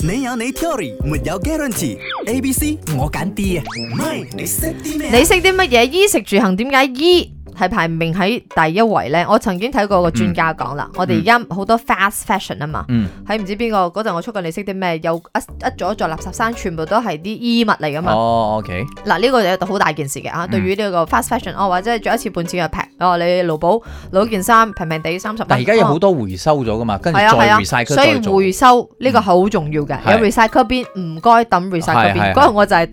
你有你的 theory，沒有 guarantee。A、B、C 我揀 D 啊，喂，你識啲咩？你識啲乜嘢？衣食住行點解衣？係排名喺第一位咧，我曾經睇過個專家講啦、嗯，我哋而家好多 fast fashion 啊嘛，喺、嗯、唔知邊個嗰陣我出過，你識啲咩？有一座一座座垃圾山，全部都係啲衣物嚟噶嘛。哦，OK。嗱，呢、呢個就好大件事嘅嚇、嗯，對於呢個 fast fashion 哦、啊，或者着一次半次就平。哦，你勞保攞件衫平平地三十。但而家有好多回收咗噶嘛，跟住再 r、啊啊、所以回收呢、嗯呢個好重要嘅、啊，有 recycle 邊唔該等 recycle 邊、啊。嗰、啊、我就係、是。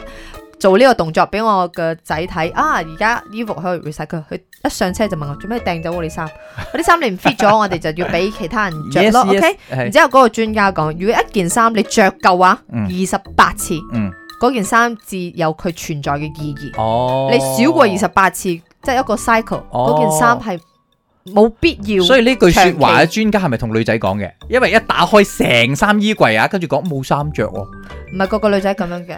做呢個動作俾我個仔睇啊！而家衣服可以 recycle 佢一上車就問我做咩掟走我啲衫？ 我啲衫你唔 fit 咗，我哋就要俾其他人着咯。Yes, o、okay? K，yes, 然之後嗰個專家講，如果一件衫你着夠啊，二十八次，嗰、嗯、件衫至有佢存在嘅意義。哦，你少過二十八次，哦、即係一個 cycle，嗰、哦、件衫係冇必要。所以呢句說話嘅專家係咪同女仔講嘅？因為一打開成衫衣櫃啊，跟住講冇衫着喎，唔係個個女仔咁樣嘅。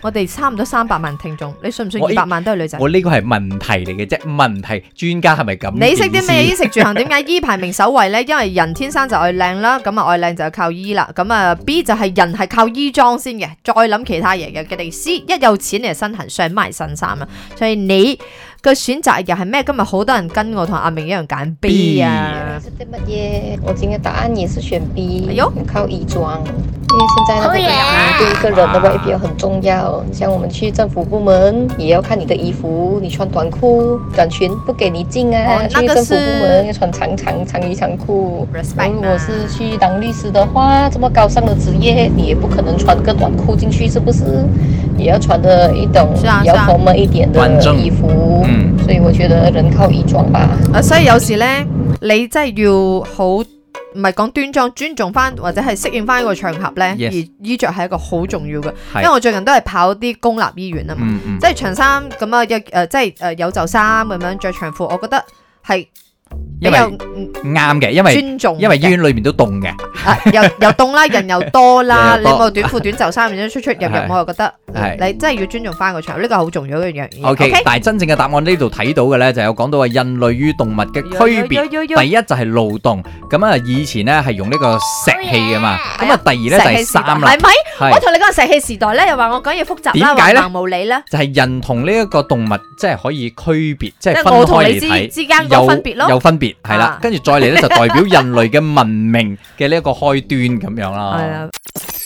我哋差唔多三百萬聽眾，你信唔信？二百萬都係女仔。我呢個係問題嚟嘅啫，問題專家係咪咁？你識啲咩衣食住行？點解衣排名首位呢？因為人天生就愛靚啦，咁啊愛靚就靠衣啦，咁啊 B 就係人係靠衣裝先嘅，再諗其他嘢嘅。嘅哋 C 一有錢你就身痕想買新衫啊，所以你。個選擇又係咩？今日好多人跟我同阿明一樣揀 B, B 啊！啲乜嘢？我今天答案也是選 B、哎。係喲，靠衣裝，因為現在呢個衣服對一個人的外表很重要。Oh yeah. 像我們去政府部門，也要看你的衣服。你穿短褲、短裙，不給你進啊！Oh, 去政府部門要穿長長長衣長褲。那個、如果我是去當律師的話，這麼高尚的職業，你也不可能穿個短褲進去，是不是？也要穿咗一種比較 formal 一點的衣服。嗯、所以我覺得人靠衣裝吧。啊，所以有時咧，你真係要好，唔係講端莊，尊重翻或者係適應翻個場合咧，yes. 而衣着係一個好重要嘅。因為我最近都係跑啲公立醫院啊嘛，嗯嗯即係長衫咁啊，一、呃、誒即係誒有袖衫咁樣着長褲，我覺得係，比較啱嘅，因為尊重，因為醫院裏面都凍嘅，又又凍啦，人又多啦，多你冇短褲短袖衫咁樣 出出入入，我又覺得。係，你真係要尊重翻、這個場，呢個好重要一樣嘢。O、okay, K，、okay? 但係真正嘅答案呢度睇到嘅咧，就有講到啊，人類與動物嘅區別，第一就係勞動。咁、哎、啊，以前咧係用呢個石器啊嘛，咁、哎、啊，第二咧就係三啦。係咪，我同你講石器時代咧，又我講話我講嘢複雜啦，話無理啦。就係、是、人同呢一個動物，即、就、係、是、可以區別，即、就、係、是、分開嚟睇之間個分別咯，有,有分別係啦。跟住、啊、再嚟咧，就代表人類嘅文明嘅呢一個開端咁樣啦。哎